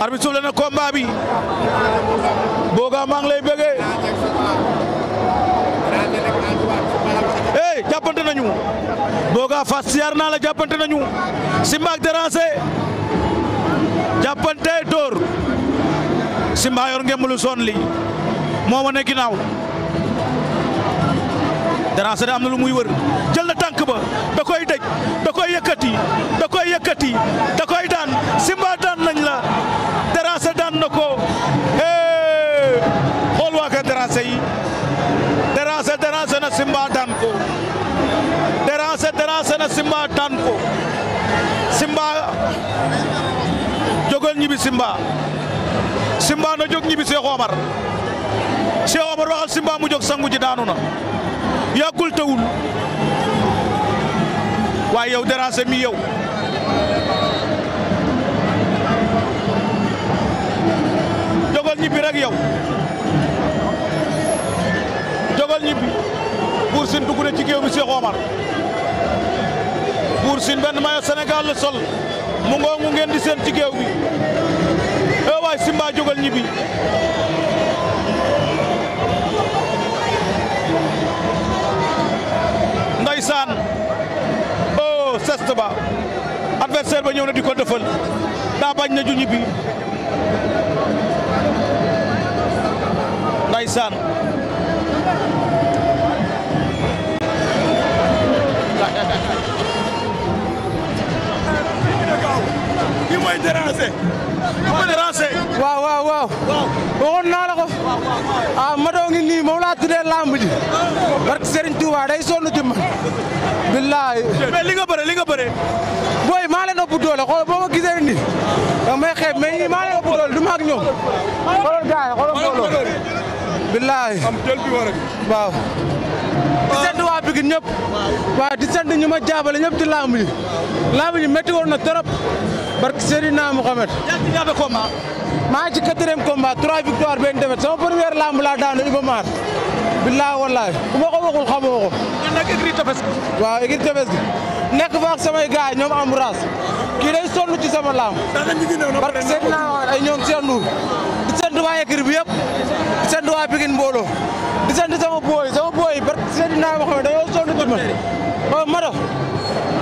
arbitre soufflé na combat bi Boga mang ngi lay bëggee hey jàppante nañu Boga fasiar siyaar naa la jàppante nañu Simba ak Déranger jàppante dor Simba yor ngeen lu son li moo wane ginnaaw Déranger da am na lu muy wër jël na tànk ba da koy dëj da koy da koy da koy daan Simba. Simba daan ko déranger déranger na Simba daan ko Simba jógal ñibbi Simba Simba na jóg ñibbi Cheikh Omar waxal Simba mu jóg sangu ji daanu na yàggul tawul waaye yow déranger mi yow jógal ñibbi rek yow jógal ñibbi Sine dugg na ci géew mi Cheikh Omar Buur Sine benn maillot Sénégal la sol mu ngooŋu ngeen di seen ci géew bi ee eh waay Simba jógal ñibbi ndeysaan oo oh, sest ba adversaire ba ñëw na di ko dëfal bañ na ju ñibbi ndeysaan lii mooy déranger. mooy déranger. waaw waaw waaw. waxoon naa la ko. ah Mado ngi nii moom laa tuddee lamb ji. barke Serigne Touba day sonn ci man. billaay. mais li nga bëre li nga bëre. booy maa leen ëpp doole xool boo ma gisee nii. da may xeeb mais ñii maa leen ëpp doole du ma ak ñoom. xoolal gars yi xoolal mbooloo. billaay. am jël bi war a. waaw. Ah. Pikine ñëpp waaw di sant ñu ma jaabale ñëpp ci lamb yi lamb yi métti woon na trop barke Seydina Mohamed maa ngi ci quatrième combat trois victoires benn défaite sama première lamb laa daanu Iba Mar billaay wallaay ku ma ko waxul xamoo ko nag écurie Tefess gi waaw écurie Tefess gi nekk fa ak samay gaay ñoom amouras kii day ci sama lamb barke Seydina Mohamed ay ñoom Cheikh Ndour di sant waa écurie bi di sant waa Pikine mbooloo di sant sama booy Seydina Mohamed dañoo sonn ko man ba oh, Mado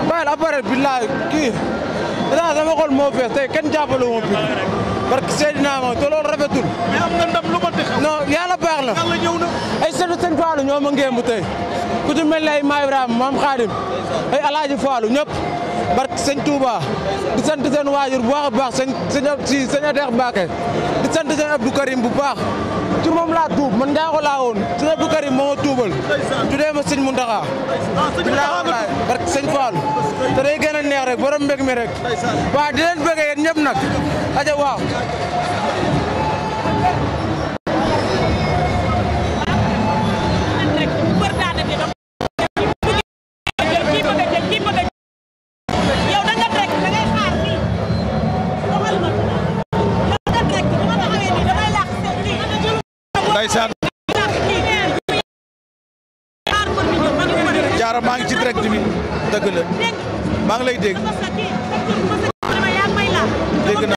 bàyyil appareil bi laa kii daa sama xol moo tey kenn jàppale moom bi parce que Seydina Mohamed te loolu rafetul. mais am na ndam lu ma baax na yàlla ñëw na. ay seetu seen Fallou ñoo ma ngéem tey ku ci mel ne ay Ibrahima maam Khadim ay Alaaji Fallou ñëpp. barke sëñ Touba di sant seen waajur bu baax a baax sëñ si sëñ Adex Mbacke di sant sëñ Abdou Karim bu baax ci moom laa tuub man Ndiakho laa woon sëñ Abdou Karim moo ma tuubal tuddee ma sëñ Mountakha di laa walaay barke sëñ Fallou te day gën neex rek borom mbég mi rek waaw di leen bëggee yéen ñëpp nag aja waaw ndeysaan maa ngi ci direct bi dëgg la maa ngi lay dégg